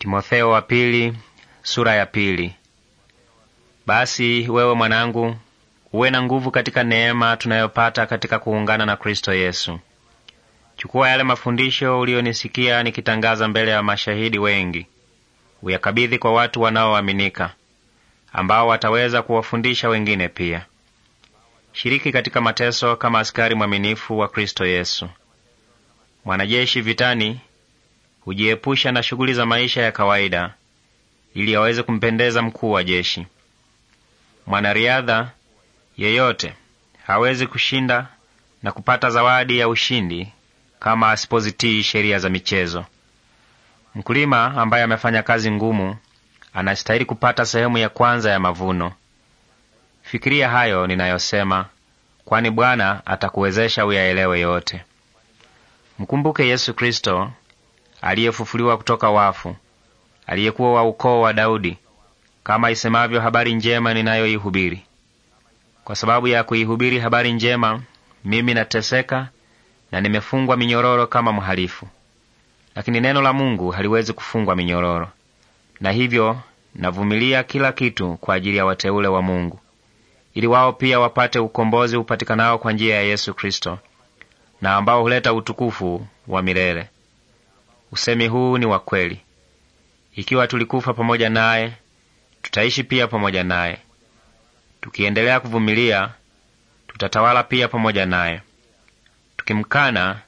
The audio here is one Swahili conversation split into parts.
Timotheo wa pili, sura ya pili. Basi wewe mwanangu, uwe na nguvu katika neema tunayopata katika kuungana na Kristo Yesu. Chukua yale mafundisho uliyonisikia nikitangaza mbele ya mashahidi wengi, uyakabidhi kwa watu wanaoaminika, ambao wataweza kuwafundisha wengine pia. Shiriki katika mateso kama askari mwaminifu wa Kristo Yesu. Mwanajeshi vitani hujiepusha na shughuli za maisha ya kawaida ili aweze kumpendeza mkuu wa jeshi. Mwanariadha yeyote hawezi kushinda na kupata zawadi ya ushindi kama asipozitii sheria za michezo. Mkulima ambaye amefanya kazi ngumu anastahili kupata sehemu ya kwanza ya mavuno. Fikiria hayo ninayosema, kwani Bwana atakuwezesha uyaelewe yote. Mkumbuke Yesu Kristo aliyefufuliwa kutoka wafu, aliyekuwa wa ukoo wa Daudi, kama isemavyo habari njema ninayoihubiri. Kwa sababu ya kuihubiri habari njema, mimi nateseka na nimefungwa minyororo kama mhalifu, lakini neno la Mungu haliwezi kufungwa minyororo, na hivyo navumilia kila kitu kwa ajili ya wateule wa Mungu, ili wao pia wapate ukombozi upatikanao kwa njia ya Yesu Kristo, na ambao huleta utukufu wa milele. Usemi huu ni wa kweli. Ikiwa tulikufa pamoja naye, tutaishi pia pamoja naye. Tukiendelea kuvumilia, tutatawala pia pamoja naye. Tukimkana,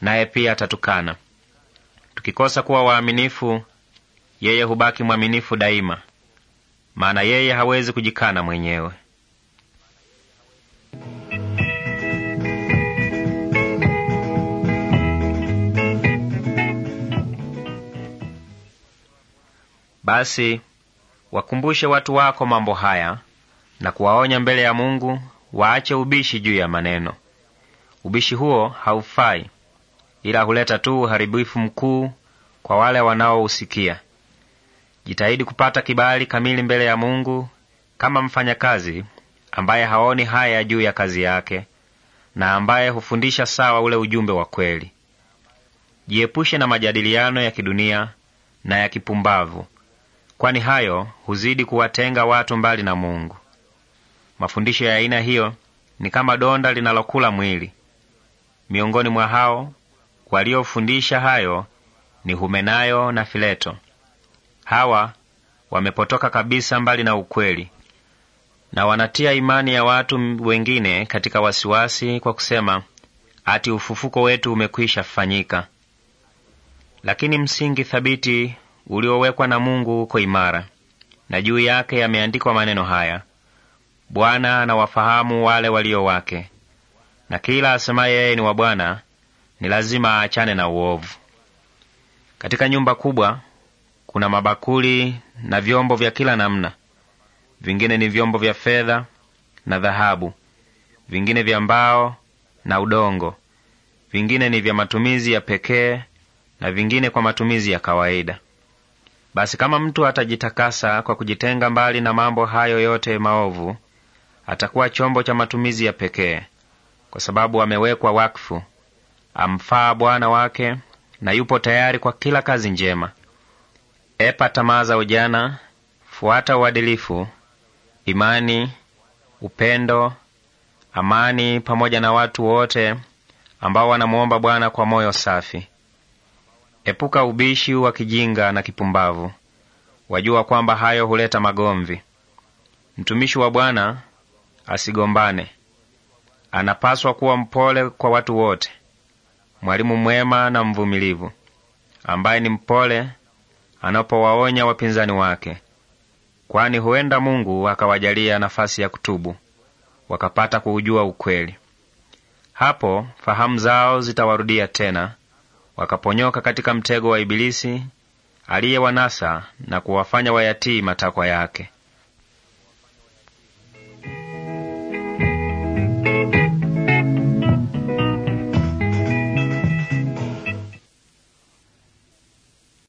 naye pia atatukana. Tukikosa kuwa waaminifu, yeye hubaki mwaminifu daima, maana yeye hawezi kujikana mwenyewe. Basi wakumbushe watu wako mambo haya na kuwaonya mbele ya Mungu waache ubishi juu ya maneno. Ubishi huo haufai, ila huleta tu uharibifu mkuu kwa wale wanaousikia. Jitahidi kupata kibali kamili mbele ya Mungu kama mfanyakazi ambaye haoni haya juu ya kazi yake na ambaye hufundisha sawa ule ujumbe wa kweli. Jiepushe na majadiliano ya kidunia na ya kipumbavu kwani hayo huzidi kuwatenga watu mbali na Mungu. Mafundisho ya aina hiyo ni kama donda linalokula mwili. Miongoni mwa hao waliofundisha hayo ni Humenayo na Fileto. Hawa wamepotoka kabisa mbali na ukweli, na wanatia imani ya watu wengine katika wasiwasi kwa kusema ati ufufuko wetu umekwisha fanyika. Lakini msingi thabiti uliowekwa na Mungu uko imara, na juu yake yameandikwa maneno haya: Bwana anawafahamu wale walio wake, na kila asemaye yeye ni wa Bwana ni lazima aachane na uovu. Katika nyumba kubwa kuna mabakuli na vyombo vya kila namna, vingine ni vyombo vya fedha na dhahabu, vingine vya mbao na udongo, vingine ni vya matumizi ya pekee na vingine kwa matumizi ya kawaida. Basi kama mtu atajitakasa kwa kujitenga mbali na mambo hayo yote maovu, atakuwa chombo cha matumizi ya pekee, kwa sababu amewekwa wakfu, amfaa Bwana wake na yupo tayari kwa kila kazi njema. Epa tamaa za ujana, fuata uadilifu, imani, upendo, amani, pamoja na watu wote ambao wanamuomba Bwana kwa moyo safi. Epuka ubishi wa kijinga na kipumbavu, wajua kwamba hayo huleta magomvi. Mtumishi wa Bwana asigombane, anapaswa kuwa mpole kwa watu wote, mwalimu mwema na mvumilivu, ambaye ni mpole anapowaonya wapinzani wake, kwani huenda Mungu akawajalia nafasi ya kutubu wakapata kuujua ukweli. Hapo fahamu zao zitawarudia tena wakaponyoka katika mtego wa Ibilisi aliyewanasa na kuwafanya wayatii matakwa yake.